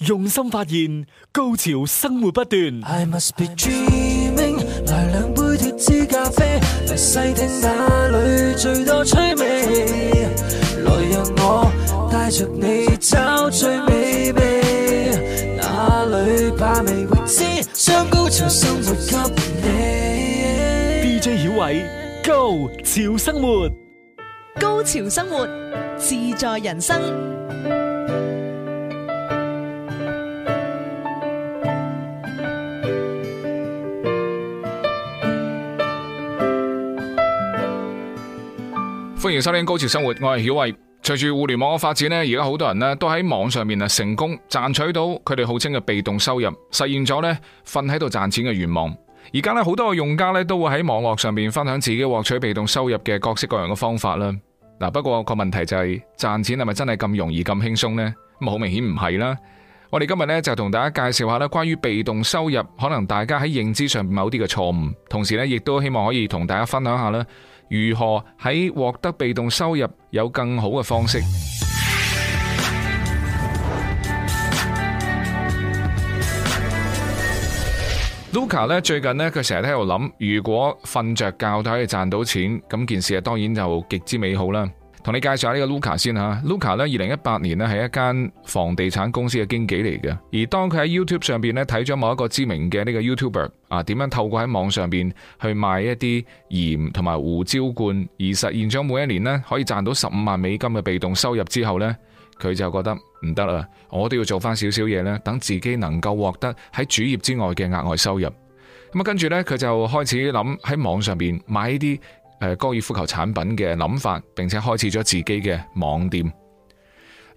.用心發現 Go 潮生活不斷。I must be dreaming，來兩杯脫脂咖啡，嚟細聽哪裡最多趣味。來讓我帶着你找最美味，哪裡怕味未知，將 Go 潮生活給你。DJ 小偉，Go！潮生活，Go 潮生活自在人生。歡迎收聽《Go 潮生活》，我係曉慧。隨住互聯網嘅發展呢，而家好多人呢都喺網上面啊成功賺取到佢哋號稱嘅被動收入，實現咗呢瞓喺度賺錢嘅願望。而家呢，好多用家呢都會喺網絡上面分享自己獲取被動收入嘅各式各樣嘅方法啦。嗱，不過個問題就係賺錢係咪真係咁容易咁輕鬆呢？咁好明顯唔係啦。我哋今日呢，就同大家介紹下呢關於被動收入可能大家喺認知上面某啲嘅錯誤，同時呢，亦都希望可以同大家分享下啦。如何喺獲得被動收入，有更好嘅方式？Luca 呢，最近呢佢成日喺度諗，如果瞓着覺都可以賺到錢，咁件事啊，當然就極之美好啦。同你介紹下呢個 Luca 先吓，Luca 呢，二零一八年呢係一間房地產公司嘅經紀嚟嘅。而當佢喺 YouTube 上邊呢睇咗某一個知名嘅呢個 YouTuber 啊，點樣透過喺網上邊去賣一啲鹽同埋胡椒罐，而實現咗每一年呢可以賺到十五萬美金嘅被動收入之後呢，佢就覺得唔得啦，我都要做翻少少嘢呢，等自己能夠獲得喺主業之外嘅額外收入。咁啊，跟住呢，佢就開始諗喺網上邊買呢啲。高爾夫球產品嘅諗法，並且開始咗自己嘅網店。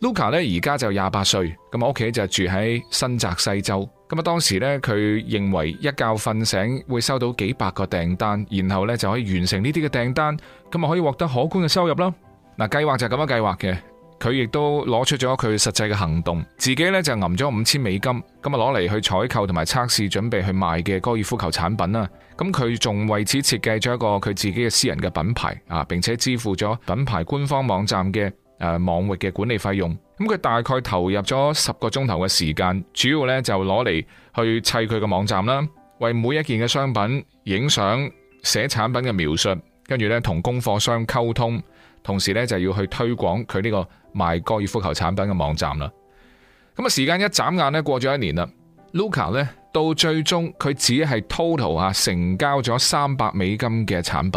Luca 呢而家就廿八歲，咁我屋企就住喺新澤西州。咁啊當時呢佢認為一覺瞓醒會收到幾百個訂單，然後呢就可以完成呢啲嘅訂單，咁啊可以獲得可觀嘅收入啦。嗱，計劃就係咁樣計劃嘅。佢亦都攞出咗佢實際嘅行動，自己呢就揜咗五千美金，咁啊攞嚟去採購同埋測試，準備去賣嘅高爾夫球產品啦。咁佢仲為此設計咗一個佢自己嘅私人嘅品牌啊，並且支付咗品牌官方網站嘅誒、呃、網域嘅管理費用。咁佢大概投入咗十個鐘頭嘅時間，主要呢就攞嚟去砌佢嘅網站啦，為每一件嘅商品影相、寫產品嘅描述，跟住呢同供貨商溝通。同時咧，就要去推廣佢呢個賣高爾夫球產品嘅網站啦。咁啊，時間一眨眼咧，過咗一年啦。Luca 咧，到最終佢只係 total 啊成交咗三百美金嘅產品。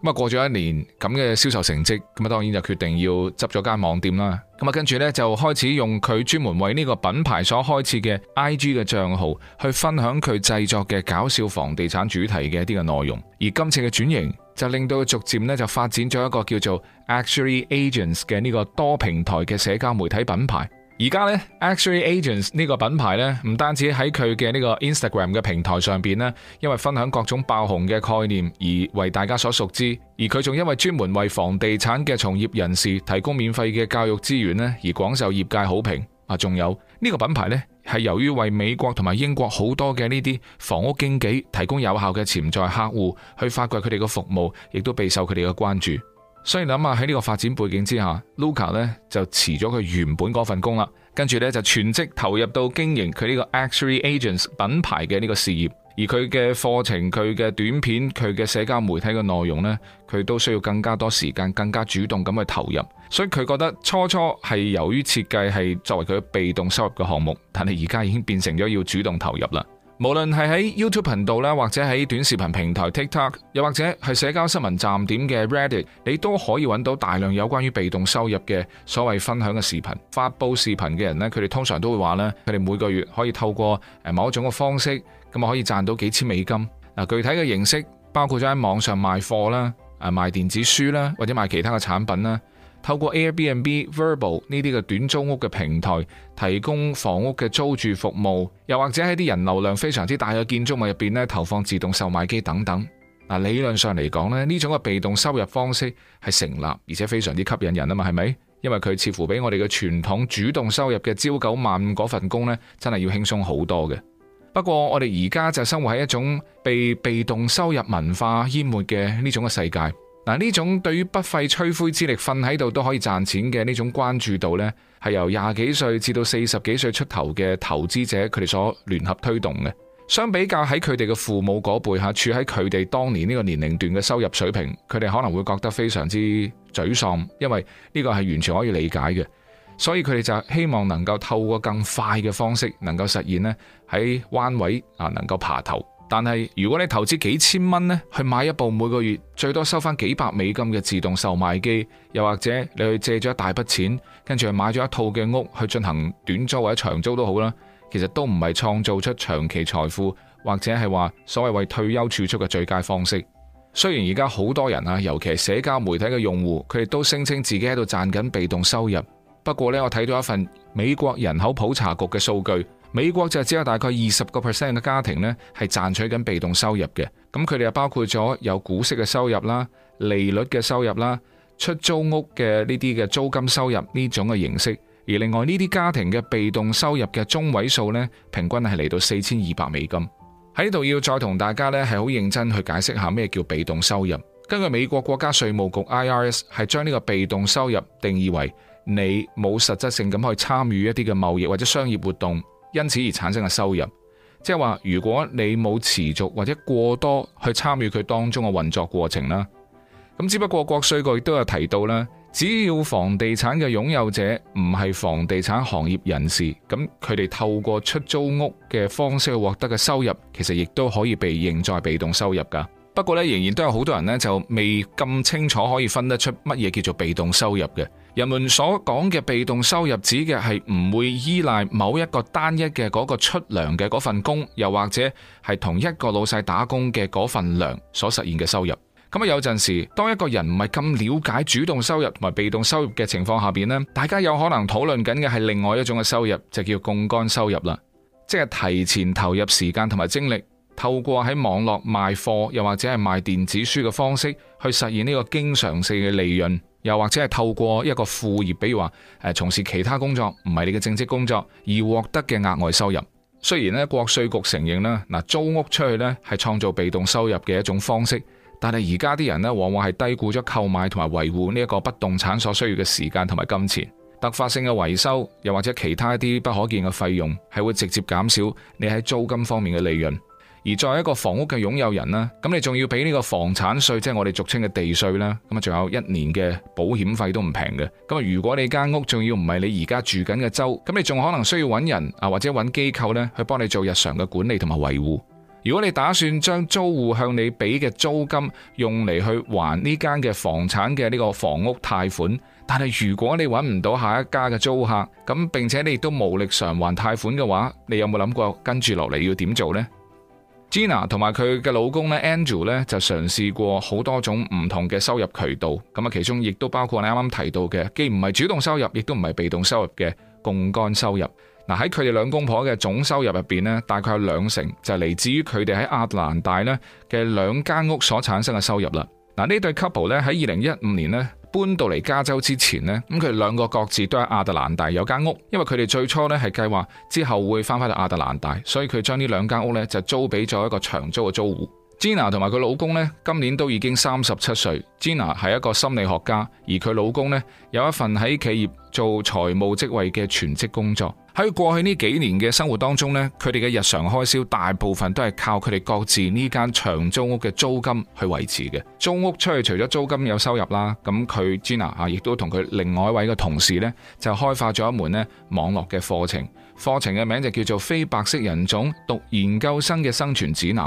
咁啊，過咗一年咁嘅銷售成績，咁啊，當然就決定要執咗間網店啦。咁啊，跟住呢，就開始用佢專門為呢個品牌所開設嘅 IG 嘅賬號，去分享佢製作嘅搞笑房地產主題嘅一啲嘅內容。而今次嘅轉型。就令到佢逐漸咧就發展咗一個叫做 Actuary Agents 嘅呢個多平台嘅社交媒體品牌。而家呢 Actuary Agents 呢個品牌呢，唔單止喺佢嘅呢個 Instagram 嘅平台上邊呢，因為分享各種爆紅嘅概念而為大家所熟知，而佢仲因為專門為房地產嘅從業人士提供免費嘅教育資源呢，而廣受業界好評。啊，仲有呢、這個品牌呢。係由於為美國同埋英國好多嘅呢啲房屋經紀提供有效嘅潛在客戶，去發掘佢哋嘅服務，亦都備受佢哋嘅關注。所以諗下喺呢個發展背景之下，Luca 呢就辭咗佢原本嗰份工啦，跟住呢，就全職投入到經營佢呢個 Actuary Agents 品牌嘅呢個事業。而佢嘅課程、佢嘅短片、佢嘅社交媒體嘅內容呢，佢都需要更加多時間、更加主動咁去投入，所以佢覺得初初係由於設計係作為佢被動收入嘅項目，但係而家已經變成咗要主動投入啦。無論係喺 YouTube 頻道呢，或者喺短視頻平台 TikTok，又或者係社交新聞站點嘅 Reddit，你都可以揾到大量有關於被動收入嘅所謂分享嘅視頻。發布視頻嘅人呢，佢哋通常都會話呢，佢哋每個月可以透過某一種嘅方式。咁可以賺到幾千美金嗱、啊，具體嘅形式包括咗喺網上賣貨啦，啊，賣電子書啦、啊，或者賣其他嘅產品啦、啊，透過 Airbnb、Verbal 呢啲嘅短租屋嘅平台提供房屋嘅租住服務，又或者喺啲人流量非常之大嘅建築物入邊咧投放自動售賣機等等。嗱、啊、理論上嚟講咧，呢種嘅被動收入方式係成立，而且非常之吸引人啊嘛，係咪？因為佢似乎比我哋嘅傳統主動收入嘅朝九晚五嗰份工咧，真係要輕鬆好多嘅。不過，我哋而家就生活喺一種被被動收入文化淹沒嘅呢種嘅世界。嗱，呢種對於不費吹灰之力瞓喺度都可以賺錢嘅呢種關注度呢，係由廿幾歲至到四十幾歲出頭嘅投資者佢哋所聯合推動嘅。相比較喺佢哋嘅父母嗰輩吓，處喺佢哋當年呢個年齡段嘅收入水平，佢哋可能會覺得非常之沮喪，因為呢個係完全可以理解嘅。所以佢哋就希望能夠透過更快嘅方式，能夠實現咧喺灣位啊能夠爬頭。但係如果你投資幾千蚊咧去買一部每個月最多收翻幾百美金嘅自動售賣機，又或者你去借咗一大筆錢，跟住去買咗一套嘅屋去進行短租或者長租都好啦，其實都唔係創造出長期財富，或者係話所謂為退休儲蓄嘅最佳方式。雖然而家好多人啊，尤其係社交媒體嘅用戶，佢哋都聲稱自己喺度賺緊被動收入。不過咧，我睇到一份美國人口普查局嘅數據，美國就只有大概二十個 percent 嘅家庭呢係賺取緊被動收入嘅。咁佢哋又包括咗有股息嘅收入啦、利率嘅收入啦、出租屋嘅呢啲嘅租金收入呢種嘅形式。而另外呢啲家庭嘅被動收入嘅中位數呢，平均係嚟到四千二百美金。喺度要再同大家呢係好認真去解釋下咩叫被動收入。根據美國國家稅務局 IRS 係將呢個被動收入定義為，你冇實質性咁去參與一啲嘅貿易或者商業活動，因此而產生嘅收入，即係話如果你冇持續或者過多去參與佢當中嘅運作過程啦，咁只不過國稅局亦都有提到啦，只要房地產嘅擁有者唔係房地產行業人士，咁佢哋透過出租屋嘅方式去獲得嘅收入，其實亦都可以被認在被動收入噶。不過咧，仍然都有好多人呢，就未咁清楚可以分得出乜嘢叫做被動收入嘅。人們所講嘅被動收入，指嘅係唔會依賴某一個單一嘅嗰個出糧嘅嗰份工，又或者係同一個老細打工嘅嗰份糧所實現嘅收入。咁啊，有陣時，當一個人唔係咁了解主動收入同埋被動收入嘅情況下邊咧，大家有可能討論緊嘅係另外一種嘅收入，就叫槓桿收入啦。即係提前投入時間同埋精力，透過喺網絡賣貨又或者係賣電子書嘅方式，去實現呢個經常性嘅利潤。又或者係透過一個副業，比如話誒從事其他工作，唔係你嘅正職工作而獲得嘅額外收入。雖然咧，國稅局承認啦，嗱租屋出去咧係創造被動收入嘅一種方式，但係而家啲人咧往往係低估咗購買同埋維護呢一個不動產所需要嘅時間同埋金錢，突發性嘅維修又或者其他一啲不可見嘅費用係會直接減少你喺租金方面嘅利潤。而作為一個房屋嘅擁有人啦，咁你仲要俾呢個房產稅，即係我哋俗稱嘅地稅啦。咁啊，仲有一年嘅保險費都唔平嘅。咁啊，如果你間屋仲要唔係你而家住緊嘅州，咁你仲可能需要揾人啊，或者揾機構呢去幫你做日常嘅管理同埋維護。如果你打算將租戶向你俾嘅租金用嚟去還呢間嘅房產嘅呢個房屋貸款，但係如果你揾唔到下一家嘅租客，咁並且你亦都無力償還貸款嘅話，你有冇諗過跟住落嚟要點做呢？Gina 同埋佢嘅老公咧，Andrew 咧就嘗試過好多種唔同嘅收入渠道，咁啊其中亦都包括你啱啱提到嘅，既唔係主動收入，亦都唔係被動收入嘅槓桿收入。嗱喺佢哋兩公婆嘅總收入入邊咧，大概有兩成就係嚟自於佢哋喺亞特蘭大咧嘅兩間屋所產生嘅收入啦。嗱呢對 couple 咧喺二零一五年咧。搬到嚟加州之前呢咁佢哋兩個各自都喺亞特蘭大有間屋，因為佢哋最初咧係計劃之後會翻返到亞特蘭大，所以佢將呢兩間屋呢就租俾咗一個長租嘅租戶。Gina 同埋佢老公呢，今年都已經三十七歲，Gina 係一個心理學家，而佢老公呢，有一份喺企業做財務職位嘅全職工作。喺過去呢幾年嘅生活當中呢佢哋嘅日常開銷大部分都係靠佢哋各自呢間長租屋嘅租金去維持嘅。租屋出去除咗租金有收入啦，咁佢 Gina 啊，Gina, 亦都同佢另外一位嘅同事呢，就開發咗一門呢網絡嘅課程，課程嘅名就叫做《非白色人種讀研究生嘅生存指南》。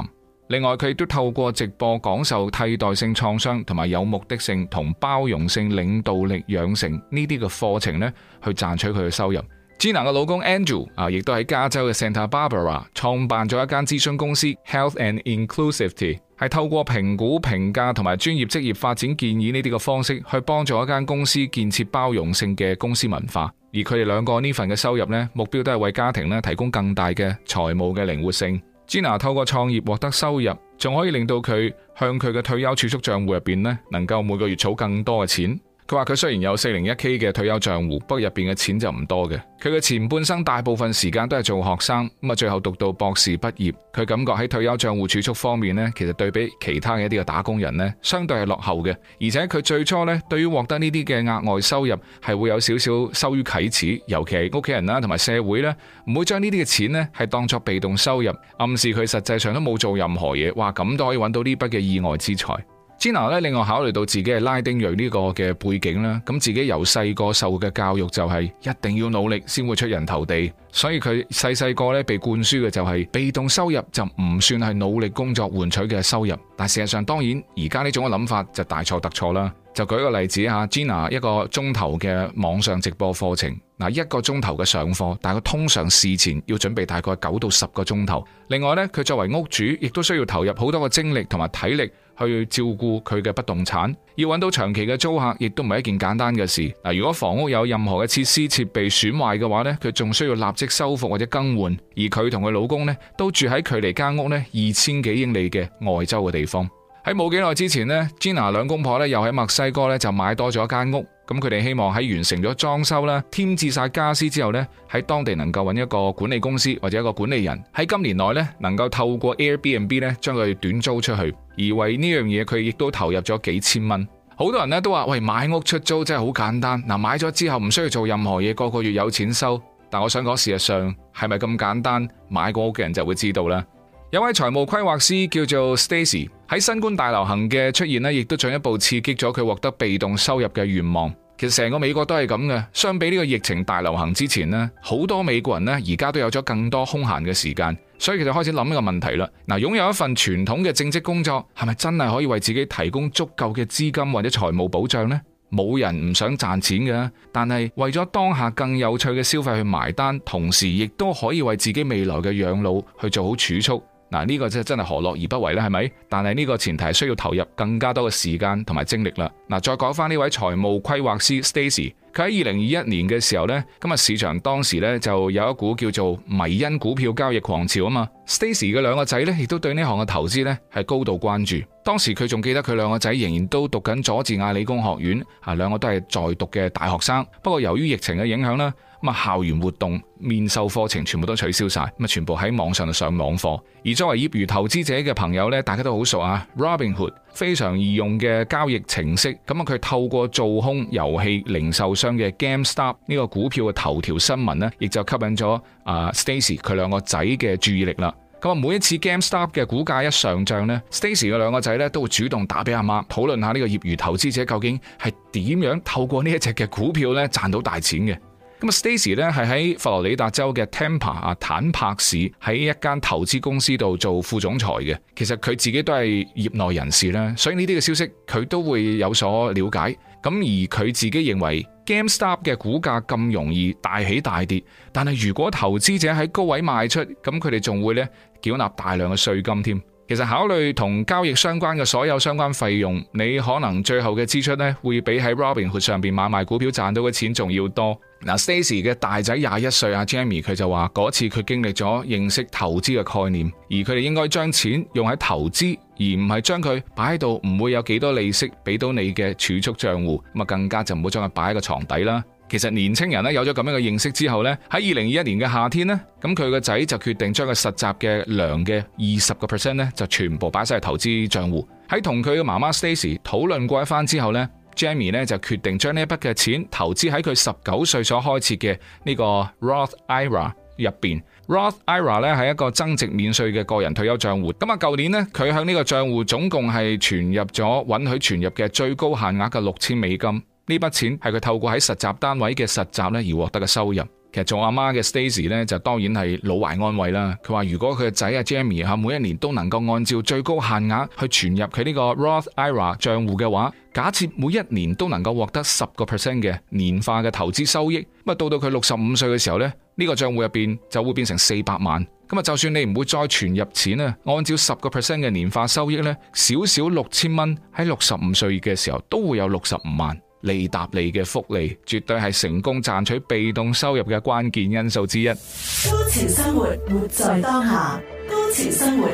另外佢亦都透過直播講授替代性創傷同埋有目的性同包容性領導力養成呢啲嘅課程呢去賺取佢嘅收入。Gina 嘅老公 Andrew 啊，亦都喺加州嘅 Santa Barbara 創辦咗一間諮詢公司 Health and Inclusivity，係透過評估、評價同埋專業職業發展建議呢啲嘅方式，去幫助一間公司建設包容性嘅公司文化。而佢哋兩個呢份嘅收入呢，目標都係為家庭呢提供更大嘅財務嘅靈活性。Gina 透過創業獲得收入，仲可以令到佢向佢嘅退休儲蓄賬戶入邊呢，能夠每個月儲更多嘅錢。佢話佢雖然有四零一 K 嘅退休賬戶，不過入邊嘅錢就唔多嘅。佢嘅前半生大部分時間都係做學生，咁啊最後讀到博士畢業。佢感覺喺退休賬戶儲蓄方面呢，其實對比其他嘅一啲嘅打工人呢，相對係落後嘅。而且佢最初呢，對於獲得呢啲嘅額外收入，係會有少少羞於啟齒，尤其係屋企人啦，同埋社會呢，唔會將呢啲嘅錢呢係當作被動收入，暗示佢實際上都冇做任何嘢。話，咁都可以揾到呢筆嘅意外之財。Gina 咧，另外考慮到自己係拉丁裔呢個嘅背景啦，咁自己由細個受嘅教育就係一定要努力先會出人頭地，所以佢細細個咧被灌輸嘅就係，被動收入就唔算係努力工作換取嘅收入。但事實上當然而家呢種嘅諗法就大錯特錯啦。就舉個例子啊，Gina 一個鐘頭嘅網上直播課程嗱，一個鐘頭嘅上課，但佢通常事前要準備大概九到十個鐘頭。另外咧，佢作為屋主，亦都需要投入好多嘅精力同埋體力。去照顧佢嘅不動產，要揾到長期嘅租客亦都唔係一件簡單嘅事。嗱，如果房屋有任何嘅設施設備損壞嘅話呢，佢仲需要立即修復或者更換。而佢同佢老公呢，都住喺距離間屋呢二千幾英里嘅外州嘅地方。喺冇幾耐之前呢，Gina 兩公婆呢，又喺墨西哥呢，就買多咗一間屋。咁佢哋希望喺完成咗裝修啦，添置晒家私之後呢，喺當地能夠揾一個管理公司或者一個管理人，喺今年內呢，能夠透過 Airbnb 咧，將佢短租出去，而為呢樣嘢佢亦都投入咗幾千蚊。好多人呢都話，喂，買屋出租真係好簡單嗱，買咗之後唔需要做任何嘢，個個月有錢收。但我想講事實上係咪咁簡單？買過屋嘅人就會知道啦。有位財務規劃師叫做 Stacy，喺新冠大流行嘅出現呢，亦都進一步刺激咗佢獲得被動收入嘅願望。其實成個美國都係咁嘅。相比呢個疫情大流行之前呢，好多美國人呢而家都有咗更多空閒嘅時間，所以其實開始諗一個問題啦。嗱，擁有一份傳統嘅正職工作，係咪真係可以為自己提供足夠嘅資金或者財務保障呢？冇人唔想賺錢嘅，但係為咗當下更有趣嘅消費去埋單，同時亦都可以為自己未來嘅養老去做好儲蓄。嗱，呢個真真係何樂而不為呢？係咪？但係呢個前提係需要投入更加多嘅時間同埋精力啦。嗱，再講返呢位財務規劃師 Stacy，佢喺二零二一年嘅時候呢，今日市場當時呢就有一股叫做迷因股票交易狂潮啊嘛。Stacy 嘅兩個仔呢，亦都對呢行嘅投資呢係高度關注。當時佢仲記得佢兩個仔仍然都讀緊佐治亞理工學院，啊兩個都係在讀嘅大學生。不過由於疫情嘅影響咧。咁校園活動、面授課程全部都取消晒，咁啊，全部喺網上上網課。而作為業餘投資者嘅朋友咧，大家都好熟啊。Robinhood 非常易用嘅交易程式，咁啊，佢透過做空遊戲零售商嘅 GameStop 呢個股票嘅頭條新聞呢亦就吸引咗啊 Stacy 佢兩個仔嘅注意力啦。咁啊，每一次 GameStop 嘅股價一上漲咧，Stacy 嘅兩個仔咧都會主動打俾阿媽討論下呢個業餘投資者究竟係點樣透過呢一隻嘅股票咧賺到大錢嘅。咁 Stacy 咧，係喺佛羅里達州嘅 Tampa 啊，坦帕市喺一間投資公司度做副總裁嘅，其實佢自己都係業內人士啦，所以呢啲嘅消息佢都會有所了解。咁而佢自己認為 GameStop 嘅股價咁容易大起大跌，但係如果投資者喺高位賣出，咁佢哋仲會咧繳納大量嘅稅金添。其實考慮同交易相關嘅所有相關費用，你可能最後嘅支出呢會比喺 Robinhood 上邊買賣股票賺到嘅錢仲要多。嗱，Stacy 嘅大仔廿一歲，阿 Jamie 佢就話嗰次佢經歷咗認識投資嘅概念，而佢哋應該將錢用喺投資，而唔係將佢擺喺度唔會有幾多利息俾到你嘅儲蓄賬戶，咁啊更加就唔好將佢擺喺個床底啦。其實年青人咧有咗咁樣嘅認識之後呢喺二零二一年嘅夏天呢咁佢個仔就決定將個實習嘅糧嘅二十個 percent 咧，就全部擺晒喺投資賬戶。喺同佢嘅媽媽 Stacy 討論過一番之後呢 Jimmy 呢就決定將呢一筆嘅錢投資喺佢十九歲所開設嘅呢個 Roth IRA 入邊。Roth IRA 咧係一個增值免稅嘅個人退休賬戶。咁啊，舊年呢，佢向呢個賬戶總共係存入咗允許存入嘅最高限額嘅六千美金。呢筆錢係佢透過喺實習單位嘅實習咧而獲得嘅收入。其實做阿媽嘅 Stacy 咧就當然係老懷安慰啦。佢話如果佢嘅仔阿 Jamie 吓每一年都能夠按照最高限額去存入佢呢個 Roth IRA 賬戶嘅話，假設每一年都能夠獲得十個 percent 嘅年化嘅投資收益，咁啊到到佢六十五歲嘅時候咧，呢個賬戶入邊就會變成四百萬。咁啊，就算你唔會再存入錢啊，按照十個 percent 嘅年化收益咧，少少六千蚊，喺六十五歲嘅時候都會有六十五萬。利疊利嘅福利絕對係成功賺取被動收入嘅關鍵因素之一。高潮生活，活在當下。高潮生活，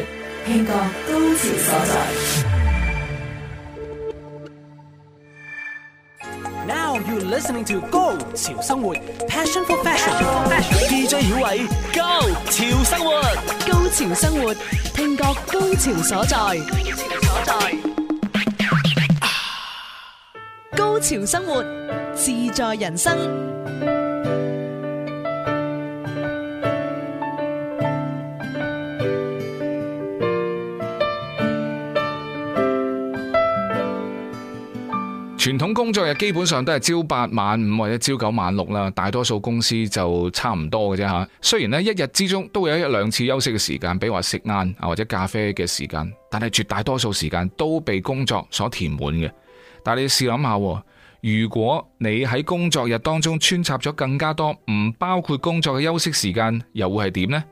聽覺高潮所在。Now you listening to Go 潮生活，Passion for fashion。DJ 曉偉，高潮生活，高潮生活，聽覺高潮所在。高潮所在。Go 潮生活，自在人生。傳統工作日基本上都係朝八晚五或者朝九晚六啦，大多數公司就差唔多嘅啫吓。雖然呢一日之中都會有一兩次休息嘅時間，比如話食晏啊或者咖啡嘅時間，但係絕大多數時間都被工作所填滿嘅。但你要試諗下，如果你喺工作日當中穿插咗更加多唔包括工作嘅休息時間，又會係點呢？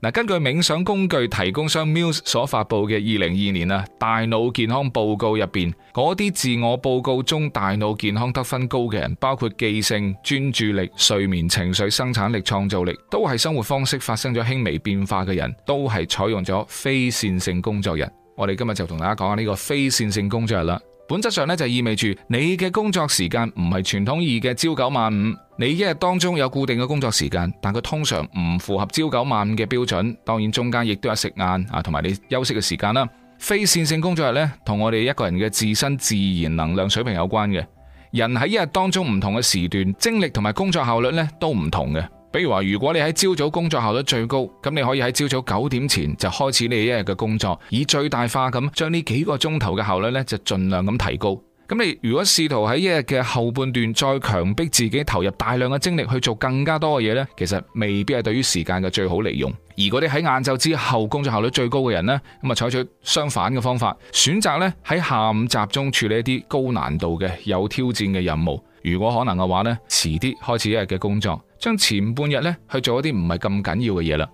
嗱，根據冥想工具提供商 Muse 所發佈嘅二零二年啊大腦健康報告入邊，嗰啲自我報告中大腦健康得分高嘅人，包括記性、專注力、睡眠、情緒、生產力、創造力，都係生活方式發生咗輕微變化嘅人，都係採用咗非線性工作日。我哋今日就同大家講下呢個非線性工作日啦。本質上咧就意味住你嘅工作時間唔係傳統意義嘅朝九晚五，你一日當中有固定嘅工作時間，但佢通常唔符合朝九晚五嘅標準。當然中間亦都有食晏啊，同埋你休息嘅時間啦。非線性工作日呢，同我哋一個人嘅自身自然能量水平有關嘅。人喺一日當中唔同嘅時段，精力同埋工作效率呢，都唔同嘅。比如話，如果你喺朝早工作效率最高，咁你可以喺朝早九點前就開始你一日嘅工作，以最大化咁將呢幾個鐘頭嘅效率呢就盡量咁提高。咁你如果試圖喺一日嘅後半段再強迫自己投入大量嘅精力去做更加多嘅嘢呢，其實未必係對於時間嘅最好利用。而嗰啲喺晏晝之後工作效率最高嘅人呢，咁啊採取相反嘅方法，選擇呢喺下午集中處理一啲高難度嘅、有挑戰嘅任務。如果可能嘅話呢，遲啲開始一日嘅工作，將前半日呢去做一啲唔係咁緊要嘅嘢啦。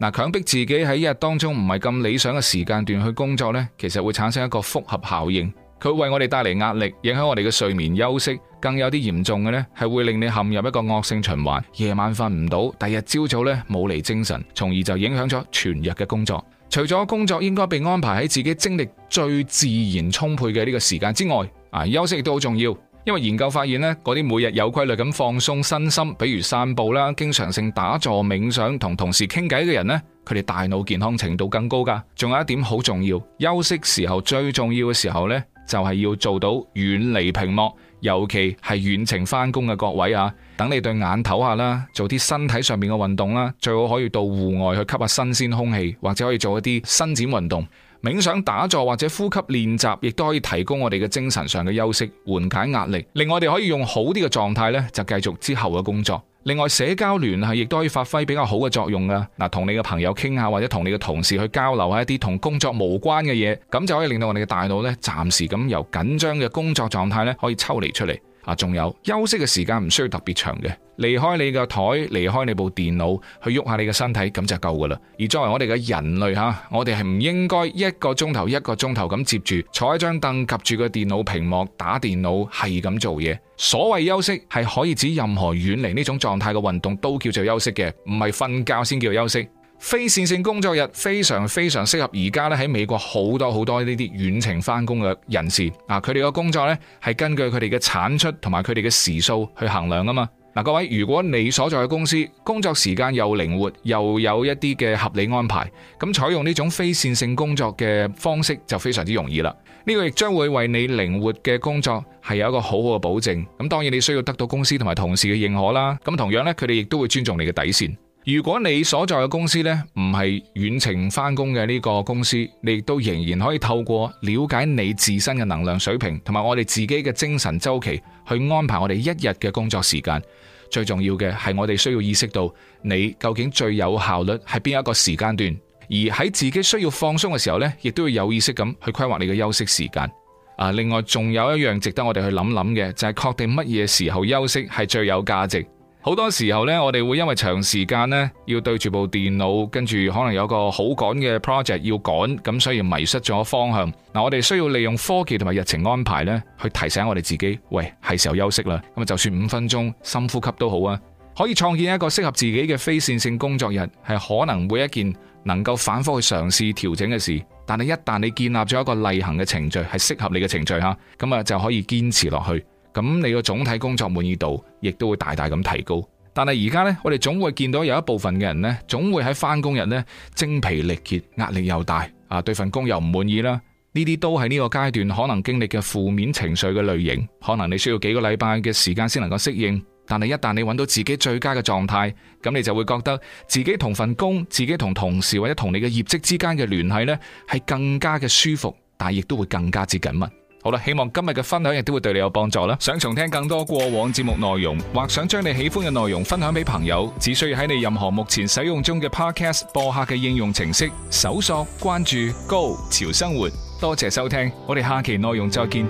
嗱，強迫自己喺一日當中唔係咁理想嘅時間段去工作呢，其實會產生一個複合效應，佢為我哋帶嚟壓力，影響我哋嘅睡眠休息，更有啲嚴重嘅呢，係會令你陷入一個惡性循環。夜晚瞓唔到，第日朝早呢冇嚟精神，從而就影響咗全日嘅工作。除咗工作應該被安排喺自己精力最自然充沛嘅呢個時間之外，啊，休息亦都好重要。因為研究發現咧，嗰啲每日有規律咁放鬆身心，比如散步啦，經常性打坐冥想，同同事傾偈嘅人呢，佢哋大腦健康程度更高噶。仲有一點好重要，休息時候最重要嘅時候呢，就係要做到遠離屏幕。尤其係遠程翻工嘅各位啊，等你對眼唞下啦，做啲身體上面嘅運動啦，最好可以到戶外去吸下新鮮空氣，或者可以做一啲伸展運動。冥想、打坐或者呼吸練習亦都可以提供我哋嘅精神上嘅休息，緩解壓力。令我哋可以用好啲嘅狀態咧，就繼續之後嘅工作。另外，社交聯繫亦都可以發揮比較好嘅作用啊！嗱，同你嘅朋友傾下，或者同你嘅同事去交流下一啲同工作無關嘅嘢，咁就可以令到我哋嘅大腦咧，暫時咁由緊張嘅工作狀態咧，可以抽離出嚟。啊，仲有休息嘅時間唔需要特別長嘅，離開你個台，離開你部電腦，去喐下你嘅身體，咁就夠㗎喇。而作為我哋嘅人類吓，我哋係唔應該一個鐘頭一個鐘頭咁接住坐喺張凳，及住個電腦屏幕打電腦，係咁做嘢。所謂休息係可以指任何遠離呢種狀態嘅運動都叫做休息嘅，唔係瞓覺先叫做休息。非線性工作日非常非常適合而家咧喺美國好多好多呢啲遠程返工嘅人士啊！佢哋嘅工作呢，係根據佢哋嘅產出同埋佢哋嘅時數去衡量㗎嘛！嗱，各位，如果你所在嘅公司工作時間又靈活，又有一啲嘅合理安排，咁採用呢種非線性工作嘅方式就非常之容易啦！呢個亦將會為你靈活嘅工作係有一個好好嘅保證。咁當然你需要得到公司同埋同事嘅認可啦。咁同樣呢，佢哋亦都會尊重你嘅底線。如果你所在嘅公司呢，唔係遠程翻工嘅呢個公司，你亦都仍然可以透過了解你自身嘅能量水平同埋我哋自己嘅精神周期去安排我哋一日嘅工作時間。最重要嘅係我哋需要意識到你究竟最有效率係邊一個時間段，而喺自己需要放鬆嘅時候呢，亦都要有意識咁去規劃你嘅休息時間。啊，另外仲有一樣值得我哋去諗諗嘅就係確定乜嘢時候休息係最有價值。好多時候咧，我哋會因為長時間呢，要對住部電腦，跟住可能有個好趕嘅 project 要趕，咁所以迷失咗方向。嗱，我哋需要利用科技同埋日程安排呢，去提醒我哋自己，喂，係時候休息啦。咁啊，就算五分鐘深呼吸都好啊，可以創建一個適合自己嘅非線性工作日，係可能每一件能夠反復去嘗試調整嘅事。但係一旦你建立咗一個例行嘅程序，係適合你嘅程序吓，咁啊就可以堅持落去。咁你個總體工作滿意度亦都會大大咁提高，但係而家呢，我哋總會見到有一部分嘅人呢，總會喺翻工日呢，精疲力竭，壓力又大，啊對份工又唔滿意啦，呢啲都係呢個階段可能經歷嘅負面情緒嘅類型，可能你需要幾個禮拜嘅時間先能夠適應，但係一旦你揾到自己最佳嘅狀態，咁你就會覺得自己同份工、自己同同事或者同你嘅業績之間嘅聯繫呢，係更加嘅舒服，但係亦都會更加之緊密。好啦，希望今日嘅分享亦都會對你有幫助啦！想重聽更多過往節目內容，或想將你喜歡嘅內容分享俾朋友，只需要喺你任何目前使用中嘅 Podcast 播客嘅應用程式搜索、關注 Go 潮生活。多謝收聽，我哋下期內容再見。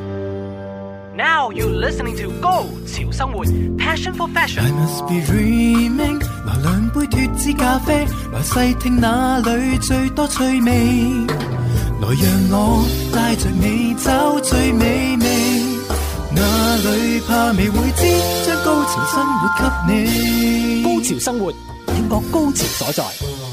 Now you listening to Go 潮生活 Passion for Fashion。I must be dreaming。來兩杯脫脂咖啡，來細聽那裏最多趣味。來讓我帶著你找最美味，哪裏怕未會知，將 Go 潮生活給你。Go 潮生活，英國高潮所在。